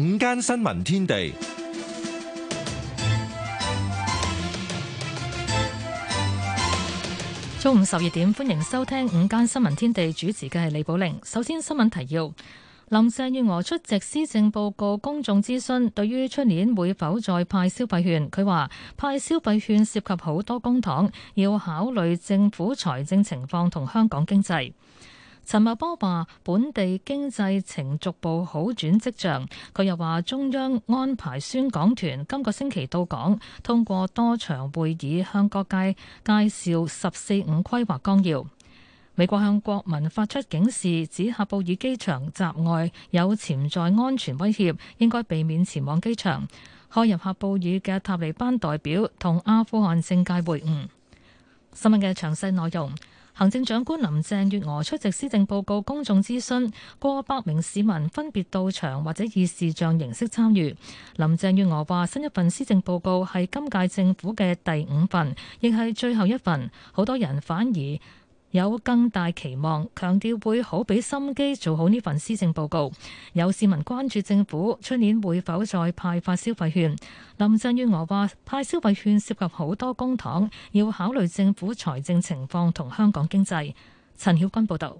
午間新聞天地，中午十二點，歡迎收聽午間新聞天地，主持嘅係李寶玲。首先新聞提要：林鄭月娥出席施政報告公眾諮詢，對於出年會否再派消費券，佢話派消費券涉及好多公帑，要考慮政府財政情況同香港經濟。陳茂波話：本地經濟呈逐步好轉跡象。佢又話：中央安排宣講團今個星期到港，通過多場會議向各界介紹「十四五」規劃綱要。美國向國民發出警示，指喀布爾機場閘外有潛在安全威脅，應該避免前往機場。開入喀布爾嘅塔利班代表同阿富汗政界會晤。新聞嘅詳細內容。行政長官林鄭月娥出席施政報告公眾諮詢，過百名市民分別到場或者以視像形式參與。林鄭月娥話，新一份施政報告係今屆政府嘅第五份，亦係最後一份。好多人反而有更大期望，強調會好俾心機做好呢份施政報告。有市民關注政府出年會否再派發消費券，林鄭月娥話派消費券涉及好多公帑，要考慮政府財政情況同香港經濟。陳曉君報導，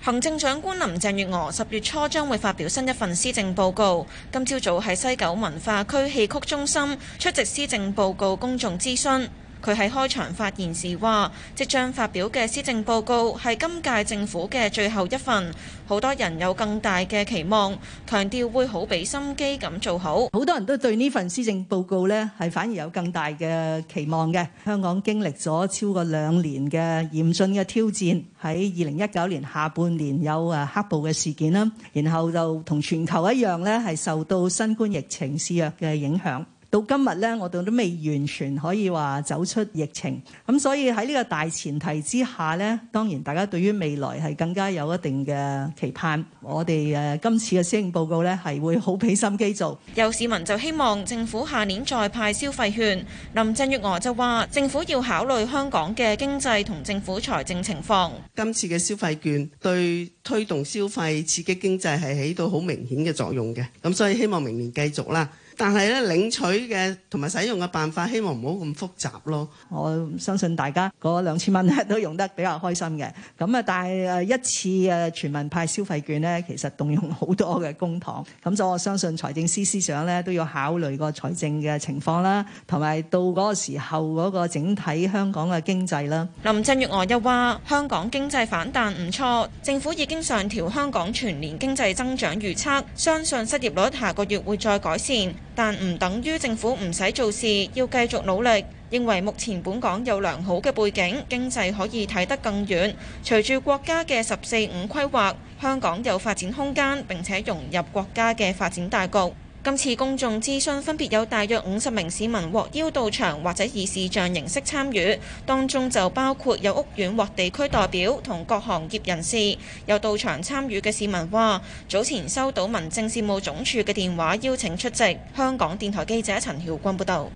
行政長官林鄭月娥十月初將會發表新一份施政報告，今朝早喺西九文化區戲曲中心出席施政報告公眾諮詢。佢喺開場發言時話，即將發表嘅施政報告係今屆政府嘅最後一份，好多人有更大嘅期望，強調會好俾心機咁做好。好多人都對呢份施政報告呢係反而有更大嘅期望嘅。香港經歷咗超過兩年嘅嚴峻嘅挑戰，喺二零一九年下半年有啊黑暴嘅事件啦，然後就同全球一樣呢係受到新冠疫情肆虐嘅影響。到今日咧，我哋都未完全可以話走出疫情，咁所以喺呢個大前提之下呢，當然大家對於未來係更加有一定嘅期盼。我哋誒今次嘅施政報告咧，係會好俾心機做。有市民就希望政府下年再派消費券。林鄭月娥就話：政府要考慮香港嘅經濟同政府財政情況，今次嘅消費券對推動消費刺激經濟係起到好明顯嘅作用嘅，咁所以希望明年繼續啦。但係咧，領取嘅同埋使用嘅辦法，希望唔好咁複雜咯。我相信大家嗰兩千蚊咧都用得比較開心嘅。咁啊，但係一次嘅全民派消費券咧，其實動用好多嘅公帑咁，所以我相信財政司司長咧都要考慮個財政嘅情況啦，同埋到嗰個時候嗰個整體香港嘅經濟啦。林鄭月娥又話：香港經濟反彈唔錯，政府已經上調香港全年經濟增長預測，相信失業率下個月會再改善。但唔等於政府唔使做事，要繼續努力。認為目前本港有良好嘅背景，經濟可以睇得更遠。隨住國家嘅十四五規劃，香港有發展空間，並且融入國家嘅發展大局。今次公眾諮詢分別有大約五十名市民獲邀到場，或者以視像形式參與，當中就包括有屋苑或地區代表同各行業人士。有到場參與嘅市民話：早前收到民政事務總署嘅電話邀請出席。香港電台記者陳曉君報導。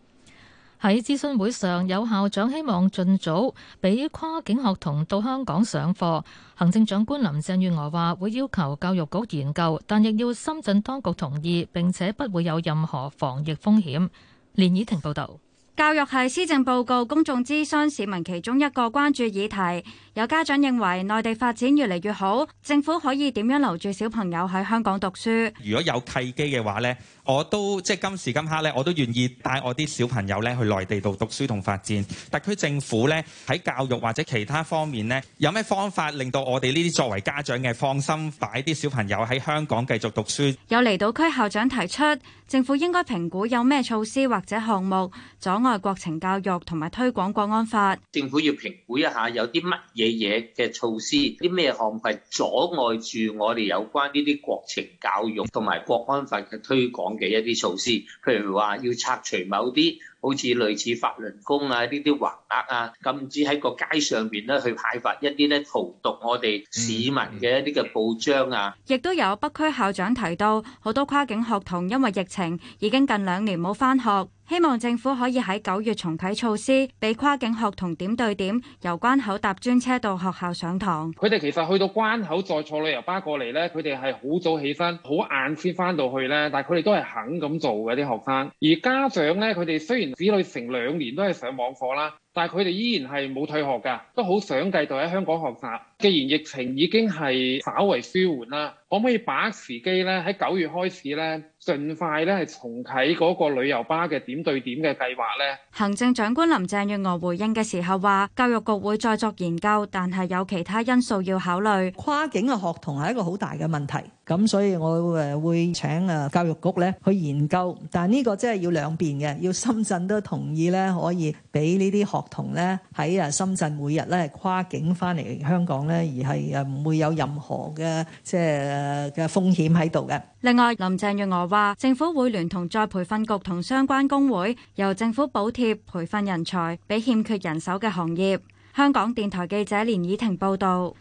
喺諮詢會上，有校長希望盡早俾跨境學童到香港上課。行政長官林鄭月娥話：會要求教育局研究，但亦要深圳當局同意，並且不會有任何防疫風險。連以婷報導。教育係施政報告公眾諮詢市民其中一個關注議題。有家長認為，內地發展越嚟越好，政府可以點樣留住小朋友喺香港讀書？如果有契機嘅話呢？我都即係今時今刻咧，我都願意帶我啲小朋友咧去內地度讀書同發展。特區政府咧喺教育或者其他方面咧，有咩方法令到我哋呢啲作為家長嘅放心，擺啲小朋友喺香港繼續讀書？有離島區校長提出，政府應該評估有咩措施或者項目阻礙國情教育同埋推廣國安法。政府要評估一下有啲乜嘢嘢嘅措施，啲咩項目係阻礙住我哋有關呢啲國情教育同埋國安法嘅推廣。嘅一啲措施，譬如話要拆除某啲好似類似法輪功啊呢啲橫額啊，禁止喺個街上邊咧去派發一啲咧荼毒我哋市民嘅一啲嘅報章啊。亦都有北區校長提到，好多跨境學童因為疫情已經近兩年冇返學。希望政府可以喺九月重啟措施，俾跨境學童點對點由關口搭專車到學校上堂。佢哋其實去到關口再坐旅遊巴過嚟咧，佢哋係好早起身，好晏先翻到去咧。但係佢哋都係肯咁做嘅啲學生，而家長咧，佢哋雖然子女成兩年都係上網課啦，但係佢哋依然係冇退學㗎，都好想繼續喺香港學習。既然疫情已經係稍為舒緩啦，可唔可以把握時機咧喺九月開始咧，盡快咧係重啟嗰個旅遊巴嘅點對點嘅計劃咧？行政長官林鄭月娥回應嘅時候話：教育局會再作研究，但係有其他因素要考慮，跨境嘅學童係一個好大嘅問題。咁所以，我誒會請教育局咧去研究，但係呢個真係要兩邊嘅，要深圳都同意咧，可以俾呢啲學童咧喺啊深圳每日咧跨境翻嚟香港。咧而係誒唔會有任何嘅即係嘅風險喺度嘅。另外，林鄭月娥話，政府會聯同再培訓局同相關工會，由政府補貼培訓人才，俾欠缺人手嘅行業。香港電台記者連以婷報導。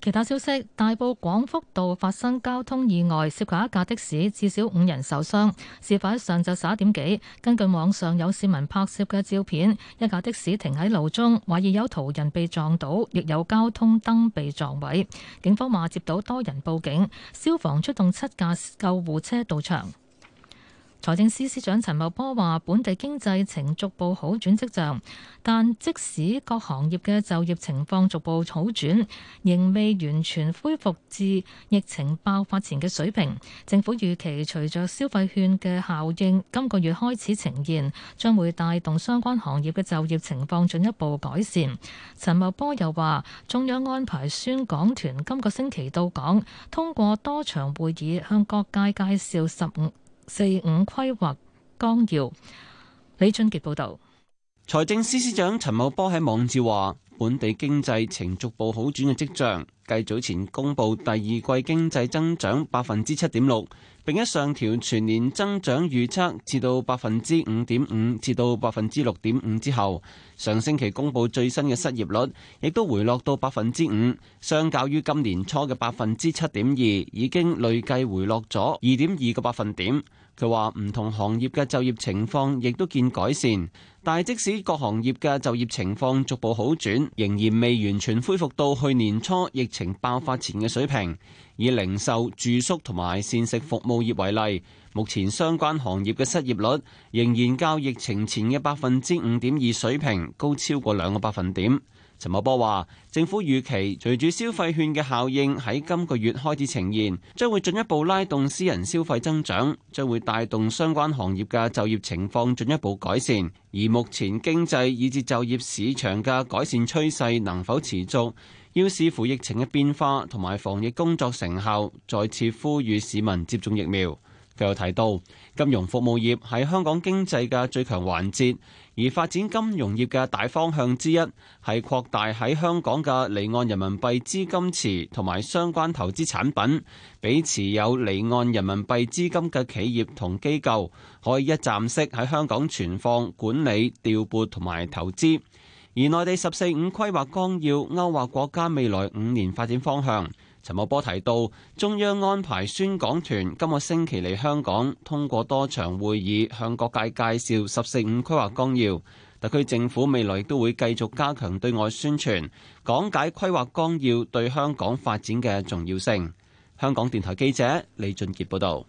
其他消息，大埔廣福道發生交通意外，涉及一架的士，至少五人受傷。事發喺上晝十一點幾，根據網上有市民拍攝嘅照片，一架的士停喺路中，懷疑有途人被撞倒，亦有交通燈被撞毀。警方話接到多人報警，消防出動七架救護車到場。財政司司長陳茂波話：本地經濟呈逐步好轉跡象，但即使各行業嘅就業情況逐步好轉，仍未完全恢復至疫情爆發前嘅水平。政府預期，隨着消費券嘅效應今個月開始呈現，將會帶動相關行業嘅就業情況進一步改善。陳茂波又話：中央安排宣講團今個星期到港，通過多場會議向各界介紹十五四五規劃綱要，李俊傑報導。財政司司長陳茂波喺網誌話：本地經濟呈逐步好轉嘅跡象。繼早前公布第二季經濟增長百分之七點六，並一上調全年增長預測至到百分之五點五至到百分之六點五之後，上星期公布最新嘅失業率，亦都回落到百分之五，相較於今年初嘅百分之七點二，已經累計回落咗二點二個百分點。佢話唔同行業嘅就業情況亦都見改善，但係即使各行業嘅就業情況逐步好轉，仍然未完全恢復到去年初疫情爆發前嘅水平。以零售、住宿同埋膳食服務業為例，目前相關行業嘅失業率仍然較疫情前嘅百分之五點二水平高超過兩個百分點。陳茂波話：政府預期，隨住消費券嘅效應喺今個月開始呈現，將會進一步拉動私人消費增長，將會帶動相關行業嘅就業情況進一步改善。而目前經濟以至就業市場嘅改善趨勢能否持續，要視乎疫情嘅變化同埋防疫工作成效。再次呼籲市民接種疫苗。佢又提到，金融服務業係香港經濟嘅最強環節，而發展金融業嘅大方向之一係擴大喺香港嘅離岸人民幣資金池同埋相關投資產品，俾持有離岸人民幣資金嘅企業同機構可以一站式喺香港存放、管理、調撥同埋投資。而內地十四五規劃綱要勾畫國家未來五年發展方向。陳茂波提到，中央安排宣講團今個星期嚟香港，通過多場會議向各界介紹十四五規劃綱要。特區政府未來亦都會繼續加強對外宣傳，講解規劃綱要對香港發展嘅重要性。香港電台記者李俊杰報道。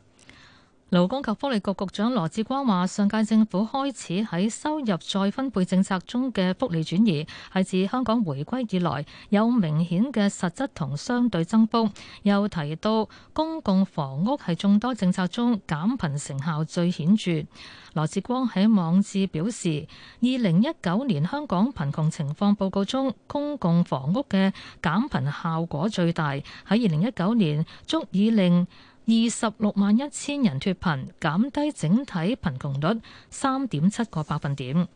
勞工及福利局局長羅志光話：上屆政府開始喺收入再分配政策中嘅福利轉移，係自香港回歸以來有明顯嘅實質同相對增幅。又提到公共房屋係眾多政策中減貧成效最顯著。羅志光喺網誌表示，二零一九年香港貧窮情況報告中，公共房屋嘅減貧效果最大，喺二零一九年足以令。二十六萬一千人脫貧，減低整體貧窮率三點七個百分點。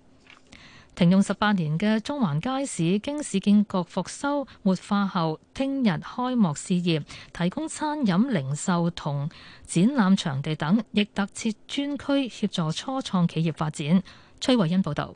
停用十八年嘅中環街市經市建局復修活化後，聽日開幕試業，提供餐飲、零售同展覽場地等，亦特設專區協助初創企業發展。崔慧欣報導。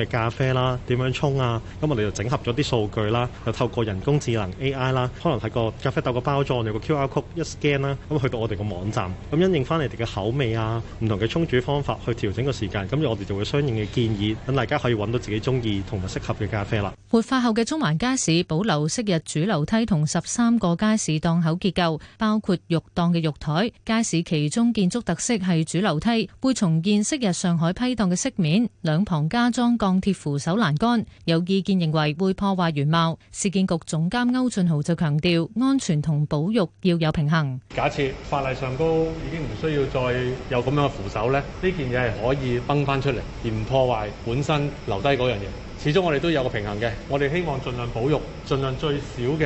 嘅咖啡啦，點樣沖啊？咁、嗯、我哋就整合咗啲數據啦，又透過人工智能 AI 啦，可能係個咖啡豆嘅包裝有個 QR code 一 scan 啦、嗯，咁去到我哋個網站，咁、嗯、因應翻你哋嘅口味啊，唔同嘅沖煮方法去調整個時間，咁、嗯、我哋就會相應嘅建議，等大家可以揾到自己中意同埋適合嘅咖啡啦。活化後嘅中環街市保留昔日主樓梯同十三個街市檔口結構，包括肉檔嘅肉台。街市其中建築特色係主樓梯，會重建昔日上海批檔嘅飾面，兩旁加裝各鋼鐵扶手欄杆，有意見認為會破壞原貌。市建局總監歐俊豪就強調，安全同保育要有平衡。假設法例上高已經唔需要再有咁樣嘅扶手咧，呢件嘢係可以崩翻出嚟，而唔破壞本身留低嗰樣嘢。始終我哋都有個平衡嘅，我哋希望盡量保育，盡量最少嘅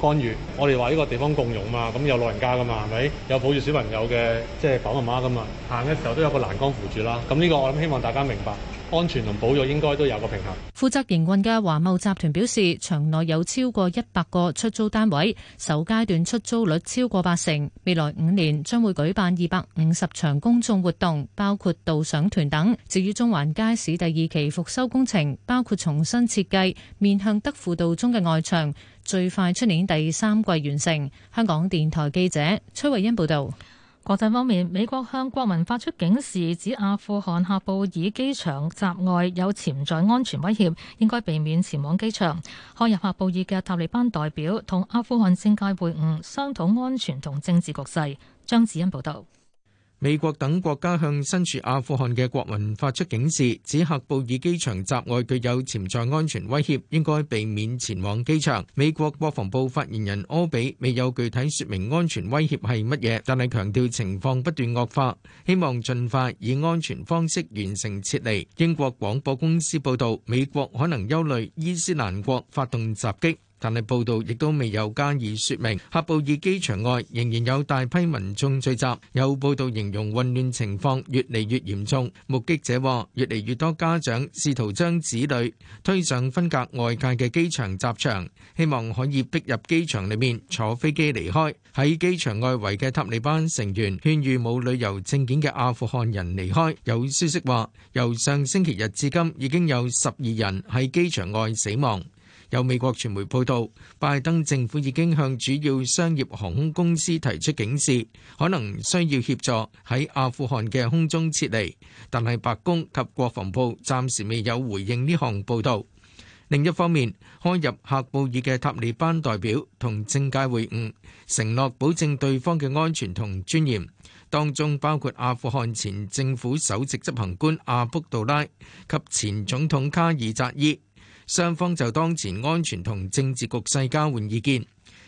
干預。我哋話呢個地方共用嘛，咁有老人家噶嘛，係咪？有抱住小朋友嘅，即係爸爸媽媽噶嘛，行嘅時候都有個欄杆扶住啦。咁呢個我諗希望大家明白。安全同保育應該都有個平衡。負責營運嘅華懋集團表示，場內有超過一百個出租單位，首階段出租率超過八成。未來五年將會舉辦二百五十場公眾活動，包括導賞團等。至於中環街市第二期復修工程，包括重新設計面向德輔道中嘅外牆，最快出年第三季完成。香港電台記者崔慧欣報道。國際方面，美國向國民發出警示，指阿富汗喀布爾機場閘外有潛在安全威脅，應該避免前往機場。開入喀布爾嘅塔利班代表同阿富汗政界會晤，商討安全同政治局勢。張子欣報道。美國等國家向身處阿富汗嘅國民發出警示，指喀布爾機場閘外具有潛在安全威脅，應該避免前往機場。美國國防部發言人柯比未有具體說明安全威脅係乜嘢，但係強調情況不斷惡化，希望盡快以安全方式完成撤離。英國廣播公司報道，美國可能憂慮伊斯蘭國發動襲擊。但係報道亦都未有加以説明。喀布爾機場外仍然有大批民眾聚集，有報道形容混亂情況越嚟越嚴重。目擊者話，越嚟越多家長試圖將子女推上分隔外界嘅機場集場，希望可以逼入機場裡面坐飛機離開。喺機場外圍嘅塔利班成員勸喻冇旅遊證件嘅阿富汗人離開。有消息話，由上星期日至今已經有十二人喺機場外死亡。有美國傳媒報道，拜登政府已經向主要商業航空公司提出警示，可能需要協助喺阿富汗嘅空中撤離。但係白宮及國防部暫時未有回應呢項報道。另一方面，開入喀布爾嘅塔利班代表同政界會晤，承諾保證對方嘅安全同尊嚴，當中包括阿富汗前政府首席執行官阿卜杜拉及前總統卡爾扎伊。雙方就當前安全同政治局勢交換意見。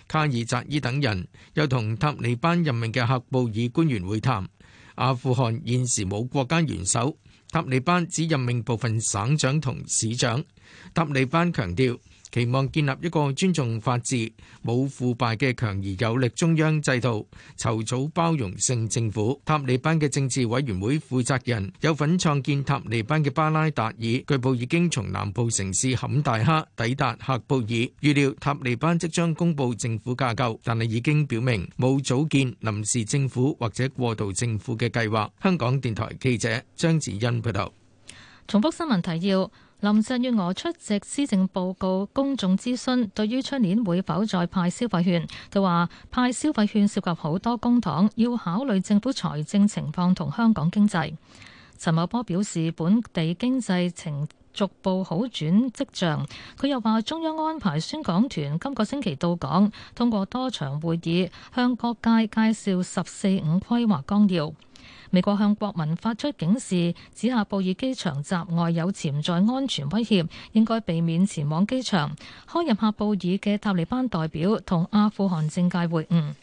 卡爾扎伊等人又同塔利班任命嘅喀布爾官員會談。阿富汗現時冇國家元首，塔利班只任命部分省長同市長。塔利班強調，期望建立一個尊重法治、冇腐敗嘅強而有力中央制度，籌組包容性政府。塔利班嘅政治委員會負責人、有份創建塔利班嘅巴拉達爾，據報已經從南部城市坎大哈抵達喀布爾，預料塔利班即將公布政府架構，但係已經表明冇組建臨時政府或者過渡政府嘅計劃，香港電台記者張子欣報道。重複新聞提要。林鄭月娥出席施政報告公眾諮詢，對於出年會否再派消費券，佢話派消費券涉及好多公帑，要考慮政府財政情況同香港經濟，陳茂波表示本地經濟情逐步好轉跡象，佢又話中央安排宣講團今個星期到港，通過多場會議向各界介紹十四五規劃綱要。美國向國民發出警示，指喀布爾機場閘外有潛在安全威脅，應該避免前往機場。開入喀布爾嘅塔利班代表同阿富汗政界會晤。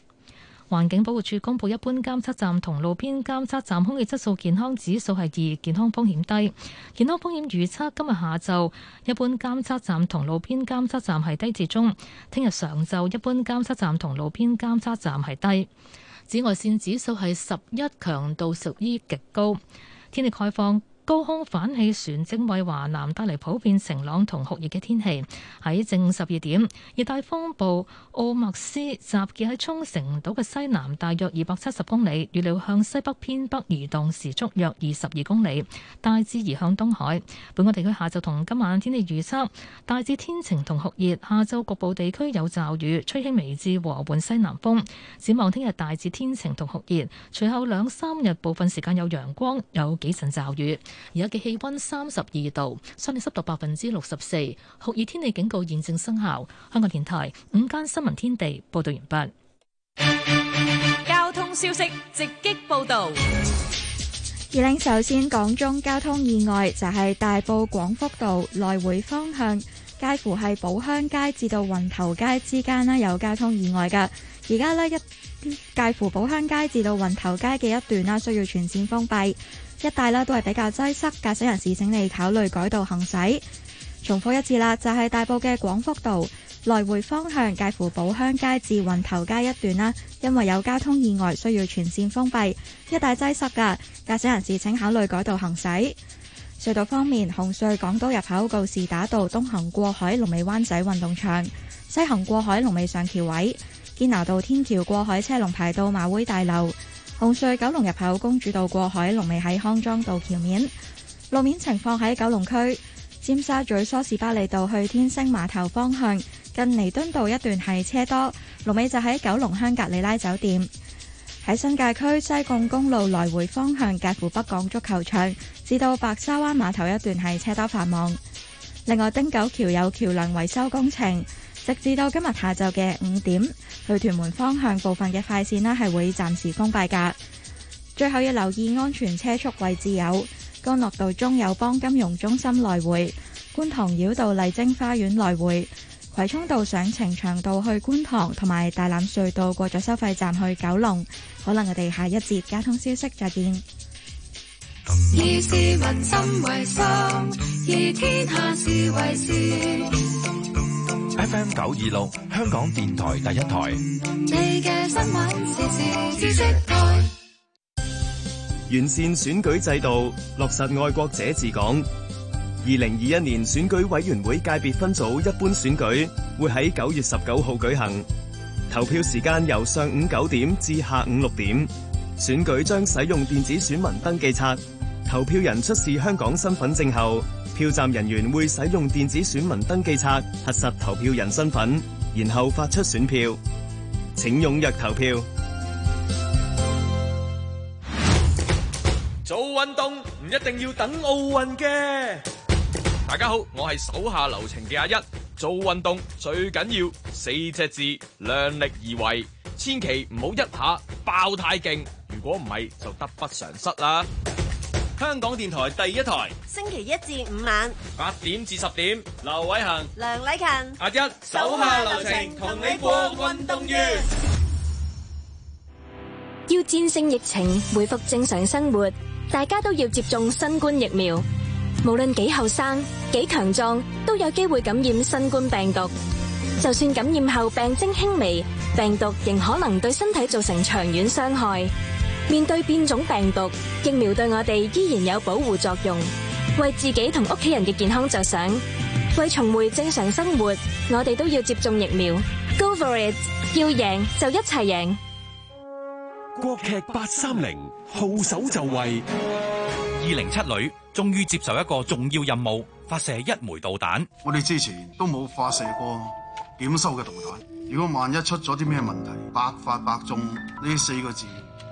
環境保護署公佈一般監測站同路邊監測站空氣質素健康指數係二，健康風險低。健康風險預測今日下晝，一般監測站同路邊監測站係低至中，聽日上晝，一般監測站同路邊監測站係低。紫外線指數係十一，強度屬於極高。天氣開放。高空反氣旋正為華南帶嚟普遍晴朗同酷熱嘅天氣，喺正十二點，熱帶風暴奧麥斯集結喺沖繩島嘅西南，大約二百七十公里，預料向西北偏北移動，時速約二十二公里，大致移向東海。本港地區下晝同今晚天氣預測大致天晴同酷熱，下晝局部地區有驟雨，吹輕微至和緩西南風。展望聽日大致天晴同酷熱，隨後兩三日部分時間有陽光，有幾陣驟雨。而家嘅氣温三十二度，室氣濕度百分之六十四，酷熱天氣警告現正生效。香港電台午間新聞天地報道完畢。交通消息直擊報導，二領首先，講中交通意外就係、是、大埔廣福道來回方向，介乎係寶鄉街至到雲頭街之間啦，有交通意外嘅。而家呢咧，介乎寶鄉街至到雲頭街嘅一段啦，需要全線封閉。一帶啦，都係比較擠塞，駕駛人士請你考慮改道行駛。重複一次啦，就係、是、大埔嘅廣福道來回方向介乎寶鄉街至運頭街一段啦，因為有交通意外需要全線封閉，一帶擠塞嘅駕駛人士請考慮改道行駛。隧道方面，紅隧港島入口告士打道東行過海龍尾灣仔運動場，西行過海龍尾上橋位，堅拿道天橋過海車龍排到馬會大樓。紅隧九龍入口公主道過海龍尾喺康莊道橋面。路面情況喺九龍區尖沙咀梳士巴利道去天星碼頭方向近彌敦道一段係車多，龍尾就喺九龍香格里拉酒店。喺新界區西貢公路來回方向介乎北港足球場至到白沙灣碼頭一段係車多繁忙，另外汀九橋有橋梁維修工程。直至到今日下晝嘅五點，去屯門方向部分嘅快線啦，係會暫時封閉噶。最後要留意安全車速位置有：干諾道中友邦金融中心來回、觀塘繞道麗晶花園來回、葵涌道上呈祥道去觀塘，同埋大欖隧道過咗收費站去九龍。可能我哋下一節交通消息再見。以 FM 九二六，香港電台第一台。完善選舉制度，落實愛國者治港。二零二一年選舉委員會界別分組一般選舉會喺九月十九號舉行，投票時間由上午九點至下午六點。選舉將使用電子選民登記冊，投票人出示香港身份證後。票站人員會使用電子選民登記冊核實投票人身份，然後發出選票，請踴躍投票。做運動唔一定要等奧運嘅。大家好，我係手下留情嘅阿一。做運動最緊要四隻字，量力而為，千祈唔好一下爆太勁，如果唔係就得不償失啦。香港電台第一台，星期一至五晚八點至十點，劉偉恒、梁禮勤。阿一，手下留情，同你過運動員。要戰勝疫情，恢復正常生活，大家都要接種新冠疫苗。無論幾後生、幾強壯，都有機會感染新冠病毒。就算感染後病徵輕微，病毒仍可能對身體造成長遠傷害。面對變種病毒，疫苗對我哋依然有保護作用。為自己同屋企人嘅健康着想，為重回正常生活，我哋都要接種疫苗。Go for it! 要贏就一齊贏。國劇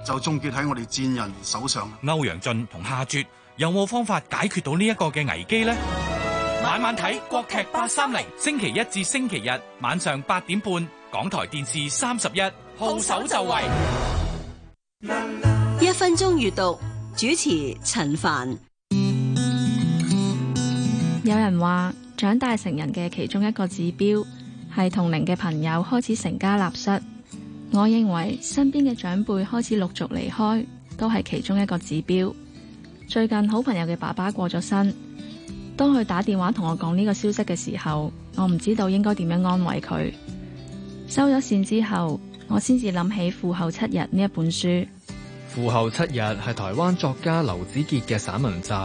就終結喺我哋戰人手上。歐陽俊同夏絕有冇方法解決到呢一個嘅危機呢？慢慢睇國劇八三零，星期一至星期日晚上八點半，港台電視三十一，號手就位。就位一分鐘閱讀，主持陳帆。有人話，長大成人嘅其中一個指標係同齡嘅朋友開始成家立室。我認為身邊嘅長輩開始陸續離開，都係其中一個指標。最近好朋友嘅爸爸過咗身，當佢打電話同我講呢個消息嘅時候，我唔知道應該點樣安慰佢。收咗線之後，我先至諗起《父後七日》呢一本書。《父後七日》係台灣作家劉子杰嘅散文集。